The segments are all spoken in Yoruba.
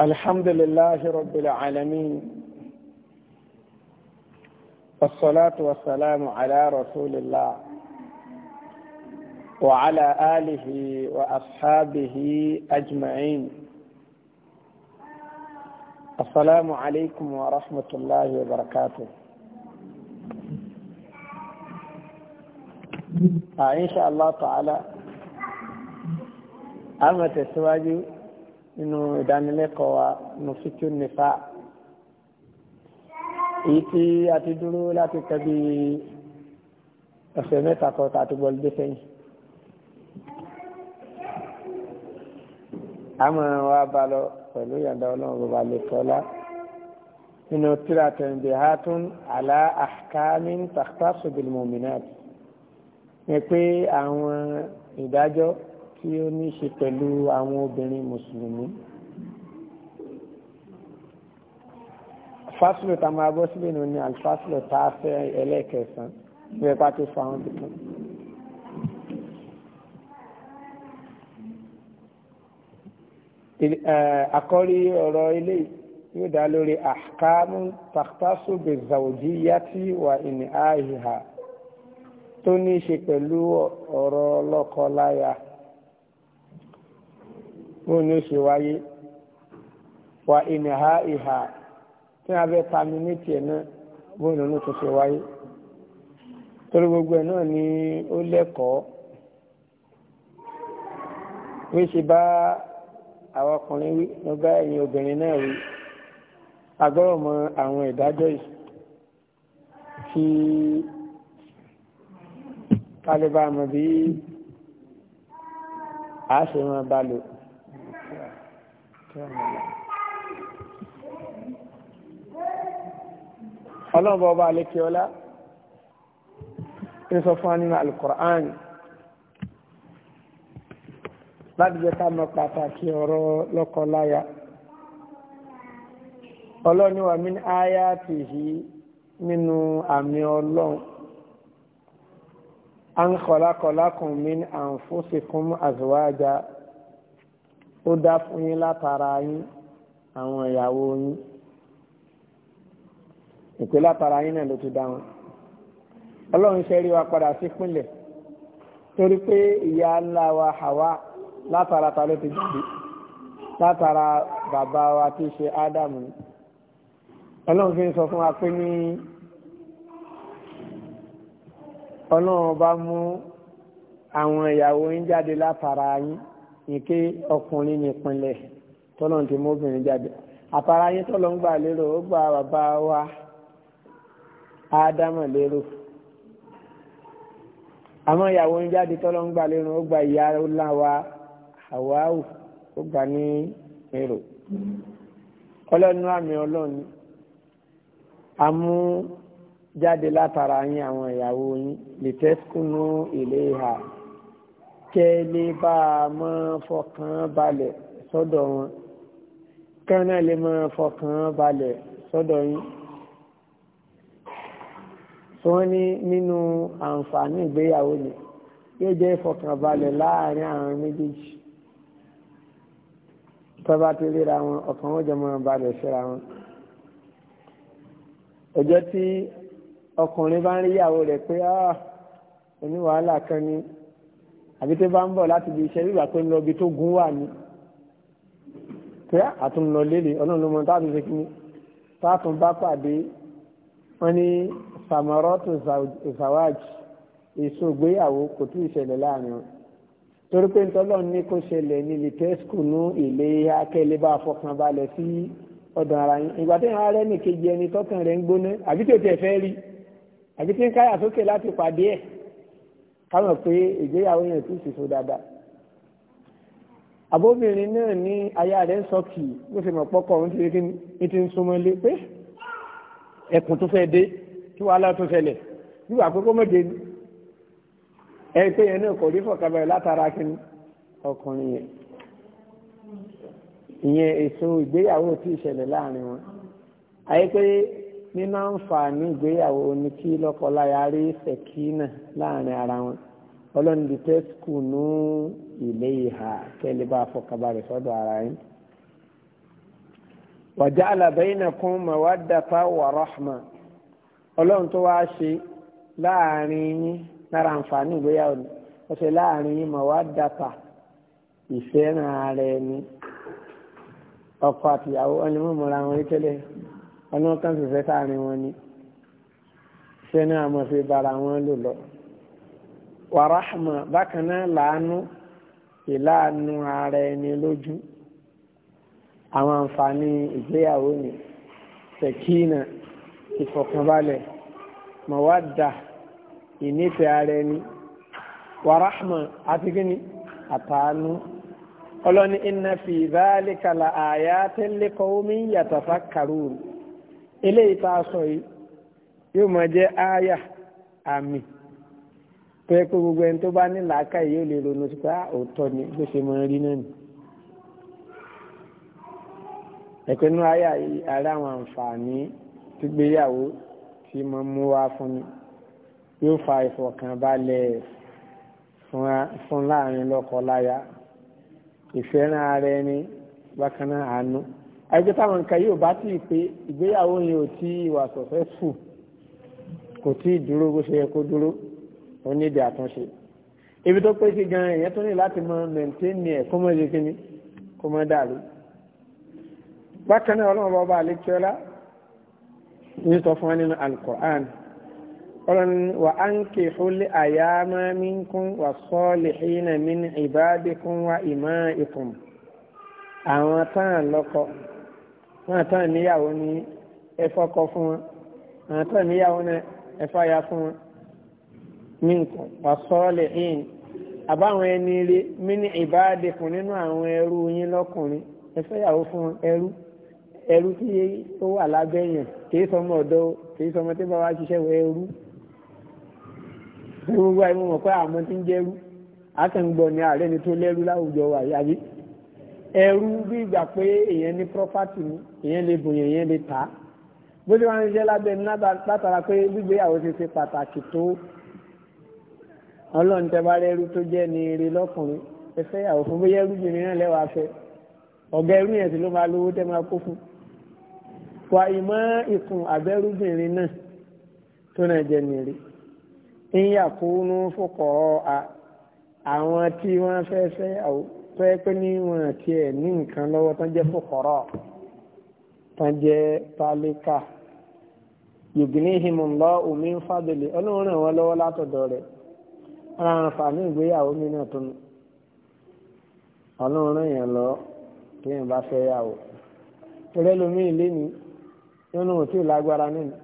الحمد لله رب العالمين والصلاة والسلام على رسول الله وعلى آله وأصحابه أجمعين السلام عليكم ورحمة الله وبركاته آه، إن شاء الله تعالى أما تسواجه nínú ìdánilẹ́kọ̀ọ́ wa nínú fíkú nífà èyí tí a ti dúró láti tẹ́bi ọ̀sẹ̀ mẹ́ta kan tàbí gbọ́lódé sẹ́yìn. àmọ́ wa bá lọ pẹ̀lú ìyàndá ọlọ́run bàbá lè kọ́lá nínú tíra tanbihatun ala ahkamin takhtassu bil mu'minat ni pé àwọn ìdájọ́ tí ó ní ṣe pẹ̀lú àwọn obìnrin mùsùlùmí. fásilò tá a máa bọ́ sílẹ̀ nù ní alifásilò tá a fẹ́ ẹlẹ́kẹsàn-án bí ẹ bá tó fa àwọn bìkan. àkọ́rí ọ̀rọ̀ ilé yóò dá lórí àkàmú tàkítàṣù bèzàwòjì yàtì wà ìní àìhà tó ní ṣe pẹ̀lú ọ̀rọ̀ lọ́kọ-láya wọn ní ṣe wáyé wà ìnìhà ìhà tí wọn fẹ́ ta mi ní tiẹ̀ náà wọn ní oníṣẹ́ ṣe wáyé torí gbogbo ẹ̀ náà ni ó lẹ́kọ̀ọ́ wí ṣe bá àwọn ọkùnrin wí ló bá ẹ̀yin obìnrin náà wí agbọ́rọ̀ mọ àwọn ìdájọ́ yìí kí kálíbà mọ̀ bí a ṣe máa bá lò ọlọ́run bọ́ọ̀bá alékeọlá ń sọ fún wa nínú alukur'an láti jẹ́ ká mọ̀ pàtàkì ọ̀rọ̀ lọ́kọláya ọlọ́run ni wà mí ní áyá tìhí nínú àmì ọlọ́run an khalaqalakum min anfusikum azwaja ó dá fún yín látara yín àwọn ìyàwó yín ìpè látara yín náà ló ti dá wọn ọlọ́run ṣe rí wa padà sí pínlẹ̀ torí pé ìyá ńlá wa Hawa látara ta ló ti jáde látara bàbá wa tí ṣe Ádámù ọlọ́run fi ń sọ fún wa pé ní ọlọ́run bá mú àwọn ìyàwó yín jáde látara yín ni pé ọkùnrin ní ìpínlẹ̀ tọ́lọ́n ti mú obìnrin jáde àpárá ayé tọ́lọ́ ń gbà lérò ó gba bàbá wa ádámọ̀ lérò àmọ́ ìyàwó ń jáde tọ́lọ́ ń gbà lérò ó gba ìyá ńláwa Háwáù ó gbà ní èrò ọlọ́nu àmì ọlọ́ni àmú jáde látara yín àwọn ìyàwó yín lè tẹ́sùkúnú ilé ìhà kẹ́lẹ́ bá a máa fọkàn balẹ̀ sọ́dọ̀ wọn kánà lè máa fọkàn balẹ̀ sọ́dọ̀ yín wọ́n ní nínú àǹfààní ìgbéyàwó ni yóò jẹ́ ìfọkànbalẹ̀ láàrin àwọn méjèèjì tó bá ti ríra wọn ọkàn wọn jọ máa balẹ̀ síra wọn ọjọ́ tí ọkùnrin bá ń rí ìyàwó rẹ̀ pé ah, oníwàhálà kan ni àbí tó bá ń bọ̀ láti ibi iṣẹ́ bíbà pé ń lọ ibi tó gún wà ní pé àtúnlọ lélẹ̀ ọlọ́run ló mọ táàtún ṣe kíní táàtún bá pàdé wọn ní samarọ́tò zawaj èso ìgbéyàwó kò tún ìṣẹ̀lẹ̀ láàrin wọn torí pé ntọ́lọ́ ní kó ṣẹlẹ̀ ní litẹ́sùkù ní ilé akẹ́lẹ́ bá fọkàn balẹ̀ sí ọ̀dọ̀ ara yín ìgbà tí wọn arẹ́ nìkejì ẹni tọkàn rẹ̀ ń gbóná àbí tètè fẹ́ rí àbí tí ń káyà sókè láti pàdé ẹ̀ káwọn pé ìgbéyàwó yẹn tún ṣèṣọ dáadáa àbóbìnrin náà ní aya rẹ̀ ń sọ kì í bó ṣe mọ̀ pọ́kọ̀ ń ti rí ní ti ń súnmọ́ ilé pé ẹkùn tó fẹ́ dé kí wàhálà tó ṣẹlẹ̀ nígbà àkókò méje ni ẹ pé yẹn náà kò rí fọ̀kàbẹ̀rẹ̀ látara kíni ọkùnrin yẹn ìyẹn èso ìgbéyàwó tí ìṣẹ̀lẹ̀ láàrin wọn àyè pé nínú àǹfààní ìgbéyàwó ni kí lọ́kọláya rí sẹ̀kínà láàrin ara wọn ọlọ́run di ilé ìhà kẹ́lẹ́ bá fọkàbalẹ̀ sọ́dọ̀ ara yín. waja'ala bainakum mawaddata wa rahma ọlọ́run tó wá ṣe láàrin yín lára àǹfààní ìgbéyàwó ni ó ṣe láàrin yín mawaddata ìfẹ́ràn ara ẹni ọkọ àtìyàwó ẹni wọn ọlọ́run kan fìfẹ́ sáàrin wọn ni ṣe ní àmọ́ fi bára wọn lò lọ wàràhàmà bákan náà làánú ìlànà ara ẹni lójú àwọn àǹfààní ìgbéyàwó ni sẹ̀kínà ìfọ̀kànbalẹ̀ mọ̀wádà ìnífẹ̀ ara ẹni wàràhàmà àti kíni àtàánú ọlọ́ni iná fi dhalika la ayatin liqawmin yatafakkarun eléyìí tá a sọ yìí yóò máa jẹ́ ááyà àmì tó yẹ pé gbogbo ẹni tó bá ní làákàyè yóò lè ronú sí pé ah, òótọ́ ni bó ṣe máa rí náà nì. ẹ̀pẹ́ nínú ááyà yìí ara àwọn àǹfààní gbígbéyàwó tí mo mú wá fún mi yóò fa ìfọ̀kànbalẹ̀ fún láàrin lọ́kọ láya ìfẹ́ràn ara ẹni bákan náà àánú àìjẹ́ táwọn nǹkan yóò bá tí ì pé ìgbéyàwó yẹn ò tí ì wà successful kò tí ì dúró bó ṣe yẹ kó dúró ó ní èdè àtúnṣe ibi tó pé sí gan èèyàn tó ní láti mọ mẹ̀ntẹ́ẹ̀nì ẹ̀ kó mọ̀ ṣe kíni kó mọ̀ dàrú bákan náà ọlọ́run bá àlékiọ́lá ní sọ fún wa nínú alukur'an ọlọ́run wa ankihul ayama minkum wa salihina min ibadikum wa imaikum àwọn táwọn lọ́kọ̀ọ́ wọn àtọ́ níyàwó ní ẹ̀fọ́ kọ fún wọn àwọn àtọ́ níyàwó náà ẹ̀fọ́ ya fún wọn ní nǹkan wà sọ́ọ́lẹ̀ in àbáwọn ẹni rí mí ní ìbáàdìkùn nínú àwọn ẹrú yín lọ́kùnrin ẹ̀fọ́ ìyàwó fún ẹrú ẹrú tí ó wà lábẹ́ yẹn kìí sọmọ ọ̀dọ́ kìí sọmọ tí bàbá ṣiṣẹ́ wọ ẹrú gbogbo àìmọ̀ pé àmọ́ ti ń jẹ́rú àtẹ̀ǹgbọ̀ ni ààrẹ ni tó lẹ́rú láwùjọ wà yàbí ẹrú bí ìgbà pé èèyàn ní property ni èèyàn lè bùn èèyàn lè tà á bó ṣe wàá ń ṣiṣẹ́ lábẹ́ ní látara pé gbígbéyàwó ṣe ṣe pàtàkì tó ọlọ́run tẹ bá rẹ́rú tó jẹ́ ní eré lọ́kùnrin ẹ fẹ́ yàwó fún bóyá ẹrú jìnnì náà lẹ́wàá fẹ́ ọ̀gá ẹrú yẹn sì ló máa lówó tẹ́ máa kó fún wa ìmọ̀ ikùn àbẹ́rúbìnrin náà tó náà jẹ́ nìrí ń yà kó nú fòkọ̀ àwọn tí wọ́n fẹ́ fẹ́ àwọn. tó yẹ pé ní wọn àti ẹ̀ ní nǹkan lọ́wọ́ ta jẹ́ fòkọ̀rọ̀ yugini jẹ́ omi ọlọ́run ràn wọ́n lọ́wọ́ látọ̀dọ̀ rẹ̀ ara àǹfààní ìgbéyàwó mi náà tó nù ọlọ́run ràn lọ tó yàn bá fẹ́ yàwó torí ẹlòmíì léni nínú òtí lágbára nínú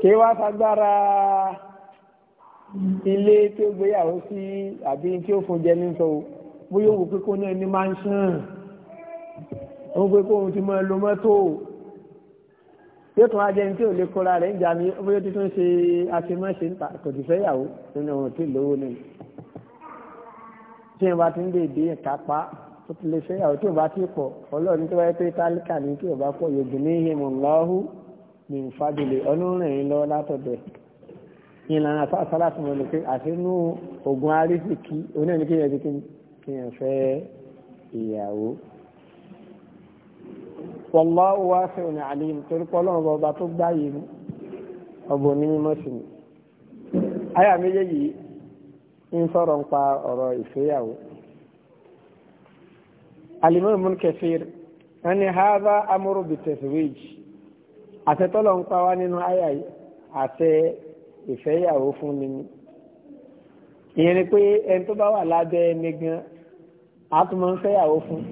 kí wá sagbára ilé tí ó gbéyàwó sí àbí tí ó fún jẹ ní bóyá wò pé kó ní ẹni máa ń sàn ó pé kó òun ti máa lo mọ́tò yóò tún ajẹ́ ní tí ò lè kóra rẹ̀ ń jà mí bóyá tuntun ṣe àfimọ́ṣe ń ta kò sì fẹ́ yàwó nínú ọ̀rọ̀ tí lówó ni tí ìwà ti ń dèdè ìkápá tó ti lè fẹ́ yàwó tí ìwà ti pọ̀ ọlọ́run tó wáyé pé tálíkà ní tí ìwà pọ̀ yóò gbìn ní ìhìnmọ̀ lọ́hù ní ìfadìlẹ̀ ọlọ́run yìí lọ látọ̀dẹ̀ ìlànà fásitì aláṣùmọ̀ ni pé àṣínú kéèyàn fẹ́ ìyàwó. wallahu wasi'un alim torí pọ́lọ́run ọba tó gbáyé mu ọba onímọ̀ sí mi. àyà méjèèjì ń sọ̀rọ̀ ń pa ọ̀rọ̀ ìfẹ́yàwó. alimọ́ ìmúni kẹfìr wọn ni haza amúrú bitazwij àti tọ́lọ̀ ń pa wá nínú àyà àti ìfẹ́yàwó fún mi. ìyẹn ni pé ẹni wà lábẹ́ àtúmọ̀ ń fẹ́yàwó fún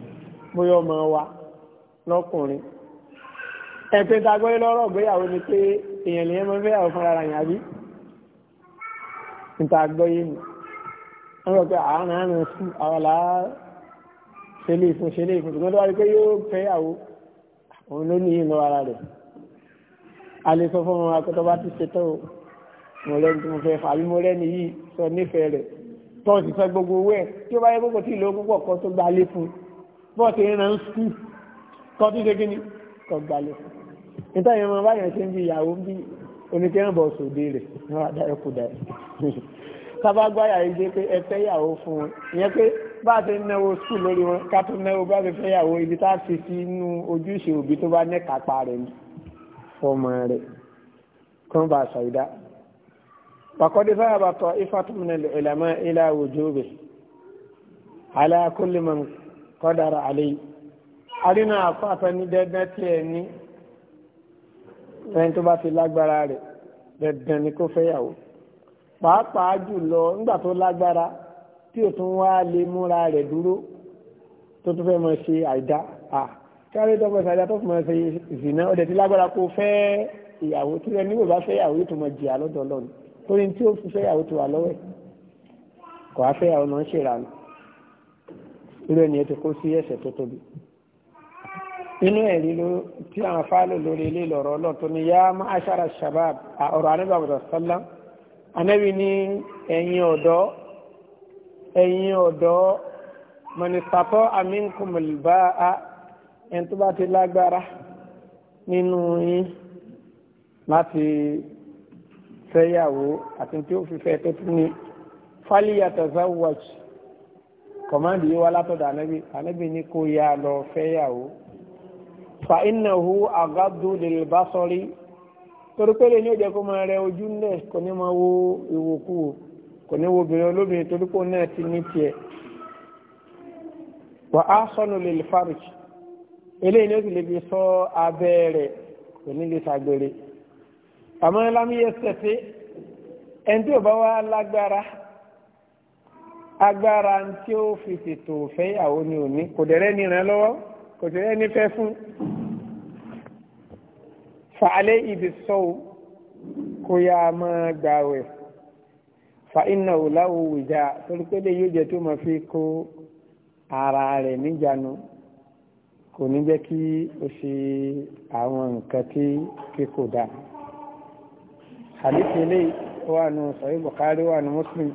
bóyá ọmọ wa lọ́kùnrin ẹ̀pẹ́ ta gbọ́yé lọ́rọ̀ gbéyàwó ni pé èèyàn lè mọ́ fẹ́yàwó fún ara yàbí níta gbọ́yé ni wọ́n rọ̀ pé àárín àárín sí àwọn làá ṣe lè fún ṣe lè fún ṣùgbọ́n tó wá rí pé yóò fẹ́yàwó òun ló ní ìlọ ara rẹ̀ a lè sọ fún ọmọ akọ́tọ́ bá ti ṣetán o mo lẹ́ni tí mo fẹ́ fà á bí mo lẹ́ni yìí sọ nífẹ̀ẹ́ rẹ̀ tọ́wọ́ sì san gbogbo owó ẹ̀ tí ó bá yẹ gbogbo tí ìlú púpọ̀ kan tó gba lé fún bọ́ọ̀tì ìran skul kan tó ṣe kí ni kan gba lé fún nítorí ìran báyẹn ṣe ń bi ìyàwó bí oníkẹ́rin bọ̀ sòdè rẹ̀ náà adáyọ̀ kù dáyọ̀ sábà gbáyà yìí dé pé ẹ fẹ́ ìyàwó fún wọn ìyẹn pé bá a ti ń náwó skul lórí wọn ká tó náwó bá a ti fẹ́ ìyàwó ibi tá a fi sí inú ojúṣe فقد ذهب طائفة من العلماء إلى وجوبه على كل من قدر عليه أرنا أصافة ندنتي أني ẹni tó bá ti lágbára rẹ̀ dandan ni kó fẹ́yàwó pàápàá jùlọ nígbà tó lágbára tí ò tún wá lè múra rẹ̀ dúró tó tún fẹ́ mọ ṣe àìdá à kárí dọ́gbọ̀n ṣàìdá tó fún mọ ṣe ìsìná ọ̀dẹ̀ tí lágbára kó fẹ́ ìyàwó tí ẹni wò bá fẹ́yàwó yóò tún mọ jìyà lọ́dọ̀ ọlọ́run torí tí ó fi fẹ́yàwó ti wà lọ́wọ́ ẹ̀ kò wá fẹ́yàwó náà ń ṣèrànà irú ènìyàn ti kó sí ẹ̀ṣẹ̀ tó tóbi inú ẹ̀rí tí àwọn fáálò lórí ilé lọ̀rọ̀ ọlọ́tọ́ ni yá má aṣára shabab ọ̀rọ̀ anábàbàdà sálá anábì ní ẹ̀yin ọ̀dọ́ ẹ̀yin ọ̀dọ́ mọ̀nìsàtọ́ àmínkùmọ̀lùbá a ẹni tó bá ti lágbára nínú yín láti fẹ́yàwó àti tí ó fi fẹ́ tó tún ní fálíyàtazawaj kọ̀máàdì yìí wá látọ̀dọ̀ ànábì ànábì ní kó yá lọ fẹ́yàwó fa innahu aghaddu lil basari torí pé lè ní òjẹ́ kó máa rẹ ojú ńlẹ̀ kò ní máa wo ìwòkuwò kò ní wo obìnrin olóbìnrin torí pé náà ti ní tiẹ̀ wa ahsanu lil farj eléyìí ní ó sì lè fi sọ abẹ́ rẹ̀ kò ní lè ṣàgbèrè àmọ́ lámúyẹ sẹ́fẹ́ ẹni tí ò bá wá lágbára agbára tí ó fi ṣètò fẹ́yàwó ni òní kò dẹ̀rẹ́ ní ràn lọ́wọ́ kò dẹ̀rẹ́ ní fẹ́ fún fàálẹ́ ibi sọ́wọ́ kó yá a máa gbà wẹ̀ fa iná òláwò wìjà torí pé lè yóò jẹ tó máa fi kó ara rẹ̀ níjànú kò ní jẹ́ kí o ṣe àwọn nǹkan tí kò dáa hadith eléyìí wà nù sahih bukhari wà nù muslim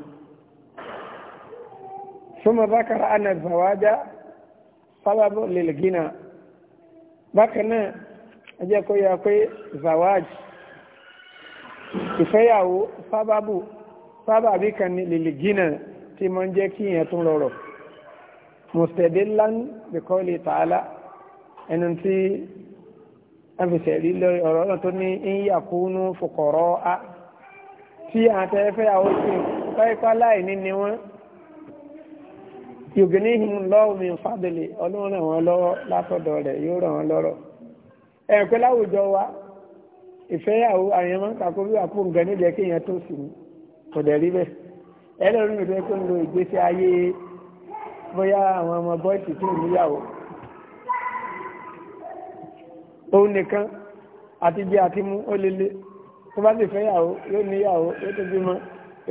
ثم ذكر أن الزواج سبب للغنى بكنا أجاكو ياكوي زواج ìfẹ́yàwó sábàbù sábàbí kan ní lìlìgínà tí mọ́ jẹ́ kí ìyẹn tún rọrọ̀ mustadillan bi qawli ta'ala ẹnu tí ẹnfẹsẹ̀ rí lórí ọ̀rọ̀ náà tó ní ìyàkúnú fòkọ̀rọ̀ a tí àtẹ́fẹ́ àwọn sí pẹ́ẹ́pá láìní ni wọ́n yògì ní ìhìn lọ́wọ́ mi fàbẹ̀lẹ̀ ọlọ́run ràn wọ́n wa ìfẹ́yàwó àyẹ̀mọ́ kàkó bí wàá kó nǹkan nídìí kí èèyàn tó sì ní kò dẹ̀ rí bẹ́ẹ̀ ẹlẹ́rìí mi fẹ́ kó ń lo ìgbésí ayé bóyá àwọn ọmọ bọ́ìsì tó níyàwó òun nìkan àti jẹ àti mú ó lélẹ̀ tó bá sì fẹ́ yàwó yóò ní yàwó yóò tó bímọ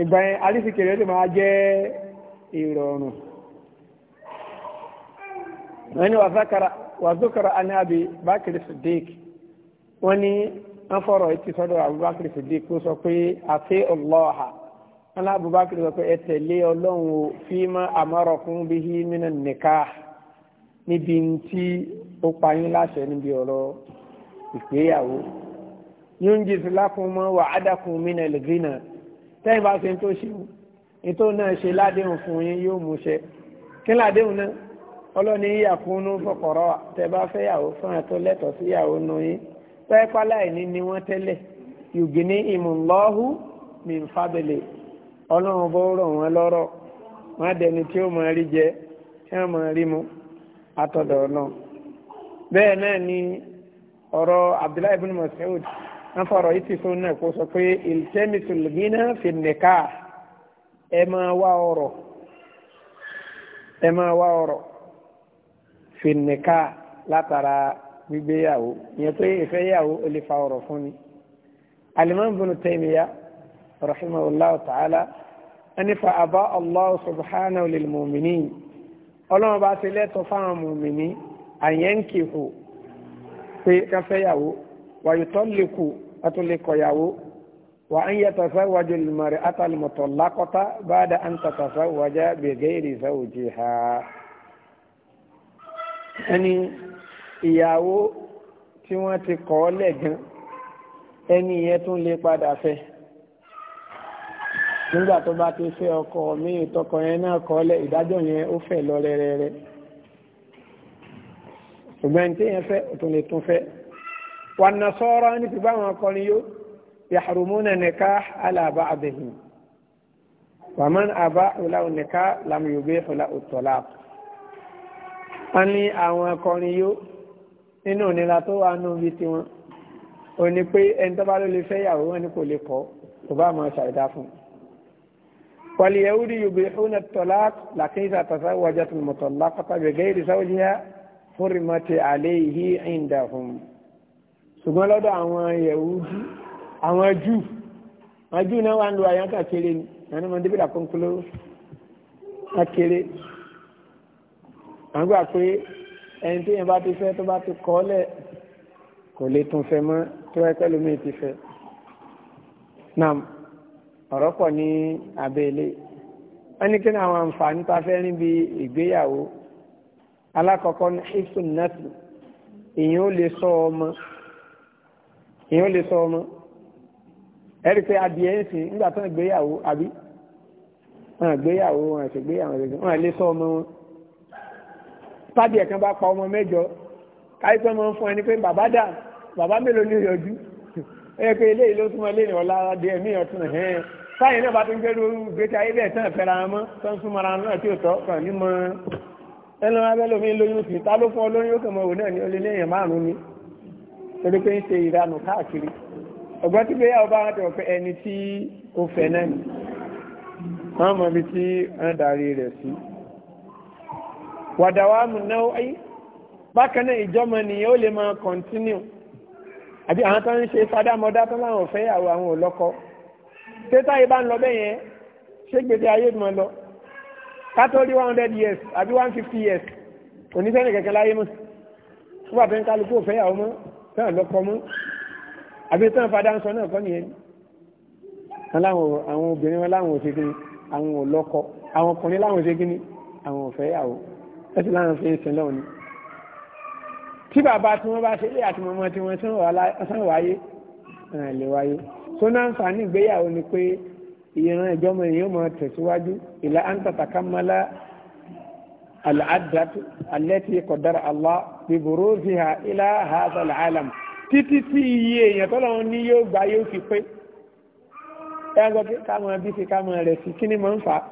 ìgbà yẹn arísìkèrè ó sì máa jẹ́ ìrọ̀rùn. wọ́n ní wàzúkàrà anábì bákìrì wọ́n ní sọ́dọ̀ Abubakar Siddiq kó sọ pé àti ọlọ́ọ̀ha wọn lá Abubakar sọ pé ẹ ọlọ́run o bihi minan nikah níbi tí ó pa yín láṣẹ níbi ọ̀rọ̀ ìgbéyàwó yúnjí síláfún mọ́ wà ádàkùn mínà lẹ́gbìnà tẹ́yìn bá ṣe ń tó ṣe ń tó náà ṣe ládéhùn fún yín yóò mú ṣe kí ládéhùn náà ọlọ́ni yíyàkúnú fọkọ̀rọ̀ tẹ́ bá fẹ́ yàwó fún ẹ̀tọ́ lẹ́tọ̀ọ́ sí yàwó nù yín pẹ́ẹ́pá láìní ni wọ́n tẹ́lẹ̀ yùgìní ìmùlọ́hù mi ń fábẹ́lẹ̀ ọlọ́run bó rọ̀ wọ́n lọ́rọ̀ wọ́n dẹni tí ó máa rí jẹ tí wọ́n máa rí mu àtọ̀dọ̀ náà bẹ́ẹ̀ náà ni ọ̀rọ̀ abdullahi ibn mas'ud wọ́n fọ̀rọ̀ yìí ti fún náà kó sọ pé iltemisul ghina fi nikah ẹ máa wá ọ̀rọ̀ ẹ máa wá ọ̀rọ̀ fi nikah látara gbígbéyàwó ìyẹn pé ìfẹ́yàwó ó lè fa ọ̀rọ̀ fún ni. alimami ibn Taymiyyah rahimahullahu ta'ala ẹni fa abá allah subhanahu lil mu'minin ọlọ́run ti lẹ́tọ̀ fáwọn mùmìnì àyẹ̀ǹkìhù pé káfẹ́yàwó wàyí tó lè kù àtúnlẹ̀kọ̀yàwó wà á ń yẹ tàfẹ́wájú lùmọ̀rẹ́ àtàlùmọ̀tọ̀ lákọ́tà bá a dá à ń tàfẹ́wájá bẹ̀gẹ́ ìrìsà òjì ha. ẹni ìyàwó tí wọ́n ti kọ́ ọ́ lẹ́gàn ẹni yẹn tún lè padà fẹ́ nígbà tó bá ti fẹ́ ọkọ mi ìtọkọ yẹn náà kọ́ lẹ́ ìdájọ́ yẹn ó fẹ́ lọ rẹ́rẹ́rẹ́ ṣùgbọ́n ní téèyàn fẹ́ o tún lè tún fẹ́. wan nasara ní ti bá wọn kọrin yó yahrumuna nikah ala ba'dihim wa man aba'u lahu nikah lam yubihu lahu talaq. wọ́n ní àwọn kọrin yó nínú ìnira tó wà nù bí tiwọn ò pé ẹni tó bá ló lè fẹ́ yàwó wọn ni kò lè kọ́ kò bá máa ṣàìdá fún un. واليهود يبيحون الطلاق لكن إذا تزوجت المطلقة بغير زوجها hurimati alayhi indahum ṣùgbọ́n lọ́dọ̀ àwọn yahudi àwọn jù àwọn jù náà wà ń lo àyànká kéré ni àwọn ọmọdé bí làkúnkúló akéré àwọn gbà pé ẹni tí yẹn bá ti fẹ́ tó bá ti kọ́ lẹ̀ kò lè tún fẹ́ mọ́ tó ẹ pẹ́ lómi ti fẹ́ nam ọ̀rọ̀ pọ̀ ní abẹ́lé wọ́n ní kí ni àwọn àǹfààní tá a fẹ́ rí bí ìgbéyàwó alákọ̀ọ́kọ́ ní hifun nafsi èèyàn ó lè sọ ọmọ èèyàn ó lè sọ ọmọ ẹ̀rí pé adìẹ ń sìn nígbà tó ń gbéyàwó àbí wọn àgbéyàwó wọn àṣègbéyàwó wọn àlè sọ ọmọ wọn pàdé ẹ̀kan bá pa ọmọ mẹ́jọ káyípẹ́ mọ́ fún ẹni pé bàbá dà bàbá mélòó ní ìyọjú ẹ̀yẹ pé eléyìí ló túnmọ̀ lé ọ̀la díẹ̀ mí ọ̀tún ẹ̀hẹ́n sáyẹn náà bá ti ń gbẹ́rú gbẹ́tẹ́ ayé bẹ́ẹ̀ tán ìfẹ́ra wọn mọ́ tó ń súnmọ́ra náà tí ò tọ́ kàn ní mọ́ ẹnu abẹ́lómi lóyún sí ta ló fún ọ lóyún ó kàn mọ́ òun náà ní ó lé lẹ́yìn márùn-ún ni torí pé ń ṣe ìranù káàkiri ọ̀gbọ́n tí gbéyàwó bá rántí ọ̀fẹ́ ẹni tí ó fẹ́ náà ni wọ́n mọ̀ bí tí wọ́n darí rẹ̀ sí. wàdàwà múnáwó ayé bákan náà ìjọmọ nìyẹn ó lè máa kọ̀ntínú àbí àwọn tó ń ṣe fádámọ́dá tó láwọn fẹ́yàwó àwọn òlọ́kọ. tẹ́tà yìí bá ń lọ kátó rí one hundred years àbí one fifty years onífẹ́ni kẹ̀kẹ́ láyé mọ́ fúnbà tó ń kálukú òfẹ́yàwó mọ́ tán lọ́kọ mọ́ àbí tán fadá ń sọ náà kọ́ nìyẹn àwọn obìnrin wọn láwọn òṣèkíní àwọn òlọ́kọ àwọn ọkùnrin láwọn òṣèkíní àwọn òfẹ́yàwó ẹ̀sì láwọn fi ń sin lọ́wọ́ ni tí bàbá tí wọ́n bá ṣe ilé àti mọ̀mọ́ tí wọ́n sàn wáyé lè wáyé tó náà ń ní ìgbéyàwó ni pé ìran ìjọmọ èèyàn máa tẹ̀síwájú ìlà àǹtàtàkàmọ́lá àlàádàtú alẹ́tì kọ̀dára Allah bìbòrò fìhà ìlà hadha alàlám títí tí iye èèyàn tọ́lọ́run ní yóò gbà yóò fi pé ẹ gbọ́ pé ká máa bí fi ká máa rẹ̀ sí kí ni máa ń fà á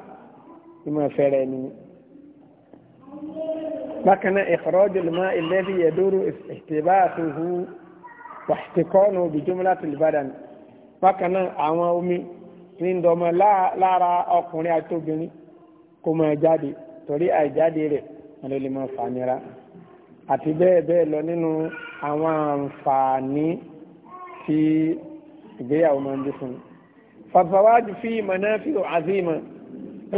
ìmọ̀ fẹ́rẹ̀ ni. bákan náà ikhrajul ma'i alladhi yaduru ihtibatuhu wa ihtiqanuhu bi jumlatil badan bákan náà àwọn omi ní ndọmọ lára ọkùnrin àti obìnrin kó máa jáde torí àìjáde rẹ̀ wọn ló lè máa fà nira àti bẹ́ẹ̀ bẹ́ẹ̀ lọ nínú àwọn àǹfààní tí ìgbéyàwó máa ń bí fún un. fàbàwájú fi manafi'u azima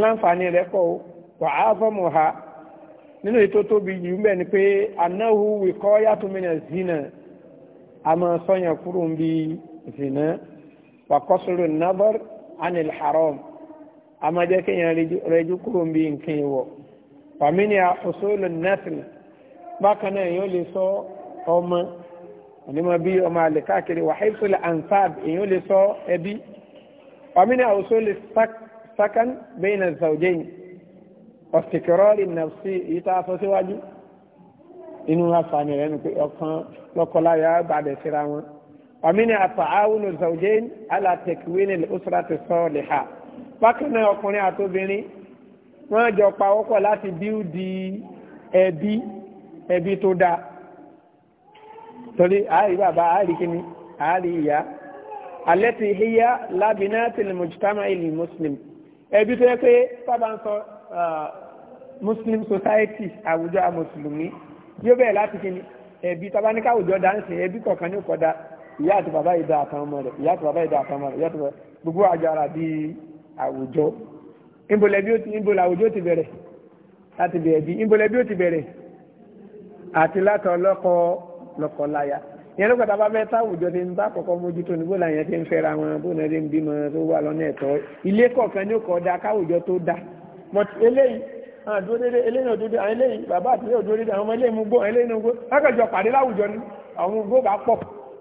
láǹfààní rẹ̀ pọ̀ wà á fọ́mù ha nínú ètò tóbi jù mbẹ́ ni pé anáhu wìkọ́ yàtọ̀ mìíràn zina a máa sọ̀yàn kúrò ń bí zina wà kọ́sùrù nàbọ̀rù anil haram a máa jẹ́ kéèyàn rẹjú kúrò ń bí nǹkan ìwọ̀ fàmílì àkóso nẹ́sìn bákan náà èèyàn lè sọ ọmọ onímọ̀ bí ọmọ àlè káàkiri wà haifula ansab èèyàn lè sọ ẹbí fàmílì àkóso lè sakan bẹ́yìn àzàwùjẹ́yìn ọ̀sìkìrọ́ọ̀lì nàfsí èyí tá a sọ síwájú inú àfààní rẹ̀ ni pé ọkàn lọ́kọláya gbàdẹ̀ síra wọn ọ̀mínà àtàáwùn zaujain alátẹ̀kùwé ní ọ̀sùrà ti sọ lẹ́hà bákan náà ọkùnrin àtòbìnrin wọ́n jọ pawọ́pọ̀ láti bíúdi ẹbí ẹbí tó dáa torí àárí bàbá àárí kíní àárí ìyá alẹ́ ti híyá lábìnà tìlìmọ̀jítàmà ìlú muslim ẹbí tó yẹ pé sábà ń sọ muslim society àwùjọ mùsùlùmí yóò bẹ̀rẹ̀ láti kíní ẹbí tabaníkà àwùjọ dáńsì ẹbí kọ̀ọ̀kan ní òkọ̀dá ìyá àti bàbá ìdá àtàwọn ọmọ rẹ̀ ìyá àti bàbá ìdá àtàwọn ọmọ rẹ̀ ìyá àti bàbá gbogbo àjàrà bíi àwùjọ ìbòlẹ̀bí ó ti ìbòlẹ̀ àwùjọ ti bẹ̀rẹ̀ láti bẹ̀rẹ̀ bí ìbòlẹ̀bí ó ti bẹ̀rẹ̀ àti látọ̀ lọ́kọ lọ́kọláya ìyẹn ló pàtàkì abẹ́ táwùjọ ti ń bá kọ́kọ́ mójútó ní bóla yẹn ti ń fẹ́ra wọn bóla ti ń bímọ tó wà lọ́nà ẹ̀tọ́ ilé kọ̀ọ̀kan ní kọ̀ da káwùjọ tó da but eléyìí àwọn àdúró dédé eléyìí náà dúró eléyìí bàbá àti eléyìí òdúró dédé àwọn ọmọ eléyìí mú gbó ni àwọn gbó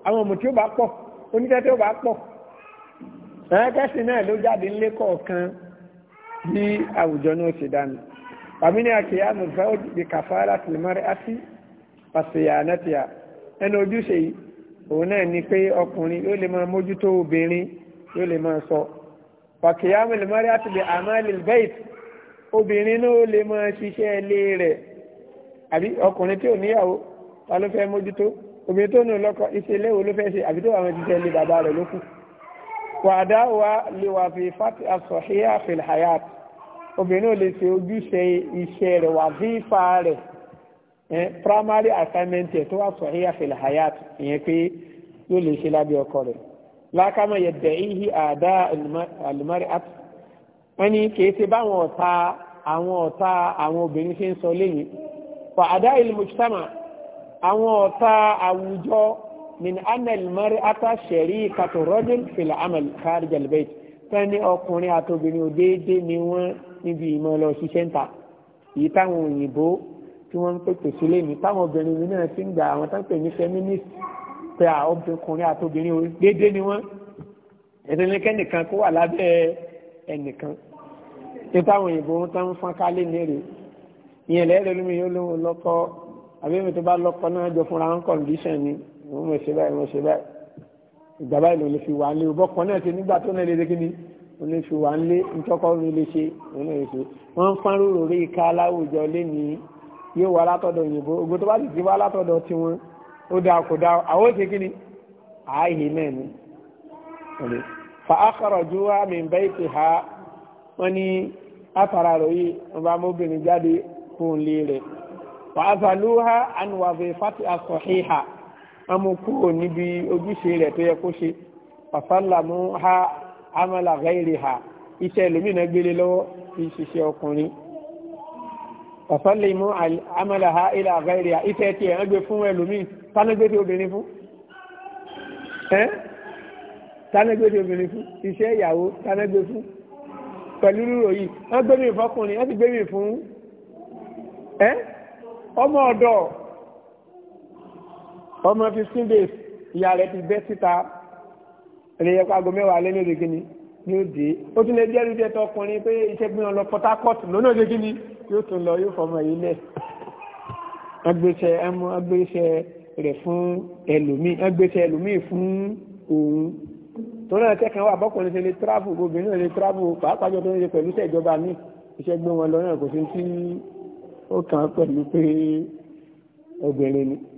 àwọn ọmọ tí ó bá pọ̀ oníṣẹ́ tí ó bá pọ̀ ẹ̀ẹ́kẹ́sì náà ló jáde ńlé kọ̀ọ̀kan bí àwùjọ náà ṣe dánù àmìnì àkìyà mùsùlùmí ó di kàfàrà tìlímọ́rẹ́ àti pàṣẹyà anátìyà ẹni ojúṣe yìí òun náà ni pé ọkùnrin yóò lè máa mójútó obìnrin yóò lè máa sọ wàkìyà mùsùlùmọ́rẹ́ àti bẹ àmàlì bẹ́ẹ̀t obìnrin náà ó lè máa ṣiṣẹ́ ilé rẹ̀ àbí ọkùnrin tí ò níyàwó ta ló fẹ́ mójútó obìnrin tó nù lọ́kọ ìṣẹ̀lẹ̀ wo ló fẹ́ ṣe àbí tó àwọn jíjẹ́ lé bàbá rẹ̀ lókù wàdá wa lè wà fi fati asọ̀híyà filhayat obìnrin ò lè ṣe ojúṣe iṣẹ́ rẹ̀ wà fi fa rẹ̀ primary assignment ẹ̀ tó wà sọ̀híyà filhayat ìyẹn pé yóò lè ṣe lábẹ́ ọkọ rẹ̀ lákàmọ̀ yẹ dẹ̀yìí àdá àlùmárì àt wọ́n ní kì ṣe báwọn ọ̀tá àwọn ọ̀tá àwọn obìnrin ṣe ń sọ lẹ́yìn wà ìlú mùsùlùmá àwọn ọ̀tá àwùjọ min anel mari ata sẹ̀rí kàtó rọ́jìn fìlà amal kárí jalibẹ́t fẹ́ẹ́ ní ọkùnrin àtòbìnrin òdéédé ni wọ́n níbi ìmọ̀ lọ ṣiṣẹ́ ń ta èyí táwọn òyìnbó tí wọ́n ń pèpè sílé mi táwọn obìnrin mi náà ti ń gbà àwọn táwọn pè ní feminist pé ọkùnrin àtòbìnrin òdéédé ni wọ́n ẹ̀dẹ̀lẹ́kẹ́nìkan kó wà lábẹ́ ẹnìkan tí táwọn òyìnbó ń tán fọ́n kálé ní rè ìyẹn lẹ́rẹ̀ẹ́ lómi yóò lóun lọ́kọ́ àbí èmi tó bá lọ́kọ náà jọ fúnra ń kọ̀ǹdíṣàn ni wọ́n mọ̀ ṣe báyìí wọ́n ṣe báyìí ìgbà báyìí ló lè fi wà lé ọbọ̀ kan náà ti nígbà tó náà lè dé kíni ó lè fi wà lé ntọ́kọ́ ló lè ṣe òun náà lè ṣe wọ́n ń fán rúrò rí ika aláwùjọ lẹ́ni yóò wá látọ̀dọ̀ òyìnbó ogun tó bá sì ti wá látọ̀dọ̀ tiwọn ó dáa kò dáa àwọn ó ṣe kíni àáyè náà ni fa akọrọ̀jú wa mi bẹ́ ìpè ha wọ́n ní àtàrà ròyìn ọba mọ́bìnrin jáde fún ilé rẹ̀ wa azaluha an wazifati as-sahiha amukuro níbi ojúṣe rẹ̀ tó yẹ kó ṣe fasallamu ha amala ghairiha iṣẹ́ ẹlòmínà gbélé lọ́wọ́ fi ṣiṣẹ́ ọkùnrin fasallimu amala ha ila ghairiha iṣẹ́ tiẹ̀ ń gbé fún ẹlòmíì tánágbé tí obìnrin fún ẹ́ tánágbé tí obìnrin fún iṣẹ́ ìyàwó tánágbé fún pẹ̀lú rírò yìí wọ́n gbé mi fọkùnrin wọ́n ti gbé mi fún ẹ́ ọmọ ọ̀dọ̀ ọmọ fifteen days ìyá rẹ̀ ti bẹ́ síta ẹ̀lẹ́yẹ pàgọ́ mẹ́wàá lé ní òdegini ní òde ó tún lè jẹ́ rídẹ́ tọkùnrin pé iṣẹ́ gbé wọn lọ Port Harcourt lónà òdegini yóò tún lọ yóò fọmọ yìí lẹ̀ agbésẹ̀ ẹmu agbésẹ̀ rẹ̀ fún ẹlòmíì agbésẹ̀ ẹlòmíì fún òun torí ẹ̀ tẹ́kàn wà bọ́kùnrin ṣe lè travel obìnrin lè travel pàápàá jọ tó ń ṣe pẹ̀lú iṣẹ́ ìjọba iṣẹ́ gbé wọn lọ náà kò sí ti ó kàn án pẹ̀lú pé obìnrin ni.